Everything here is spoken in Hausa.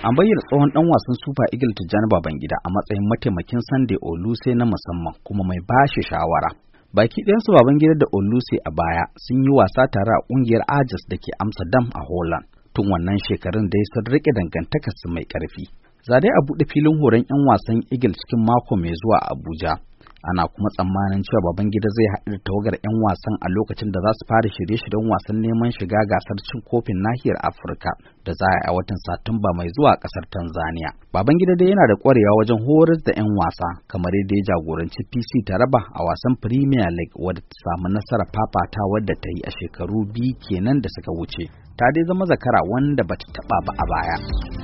An bayyana tsohon dan wasan Super Eagle Tijjani Babangida a matsayin mataimakin Sunday Oluse na musamman kuma mai bashi shawara. Baki ɗayansu Babangida da Oluse a baya sun yi wasa tare a ƙungiyar Ajax da ke Amsterdam a Holland. Tun wannan shekarun dai sun riƙe dangantakarsu mai ƙarfi. Za a buɗe filin horon 'yan wasan Eagle cikin mako mai zuwa a Abuja. ana kuma tsammanin cewa gida zai haɗu da tawagar 'yan wasan a lokacin da za su fara shirye-shiryen wasan neman shiga gasar cin kofin nahiyar Afirka da za a yi a watan Satumba mai zuwa ƙasar Tanzania. Babangida dai yana da ƙwarewa wajen horar da 'yan wasa kamar yadda ya jagoranci PC Taraba a wasan Premier League wadda ta samu nasarar fafata wadda ta yi a shekaru biyu kenan da suka wuce. Ta dai zama zakara wanda bata taɓa ba a baya.